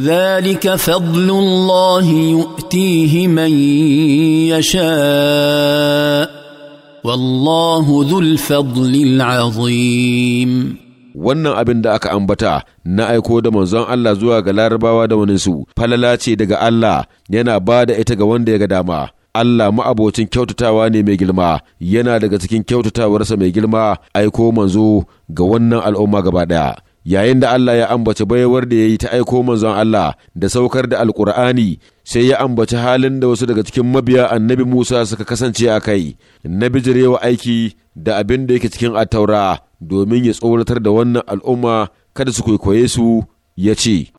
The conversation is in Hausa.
ذلك فضل الله يؤتيه من يشاء والله ذو الفضل العظيم wannan abin da aka ambata na aiko da manzon Allah zuwa ga larabawa da waninsu falala ce daga Allah yana ba da ita ga wanda ya ga dama Allah ma'abocin kyautatawa ne mai girma yana daga cikin kyautatawarsa mai girma aiko manzo ga wannan al'umma gaba ɗaya yayin da Allah ya ambaci baiwar da ya yi ta aiko manzon Allah da saukar da alkur'ani sai ya ambaci halin da wasu daga cikin mabiya annabi Musa suka kasance a kai na bijirewa aiki da abin da yake cikin attaura domin ya tsoratar da wannan al'umma kada su kwaikwaye su ya ce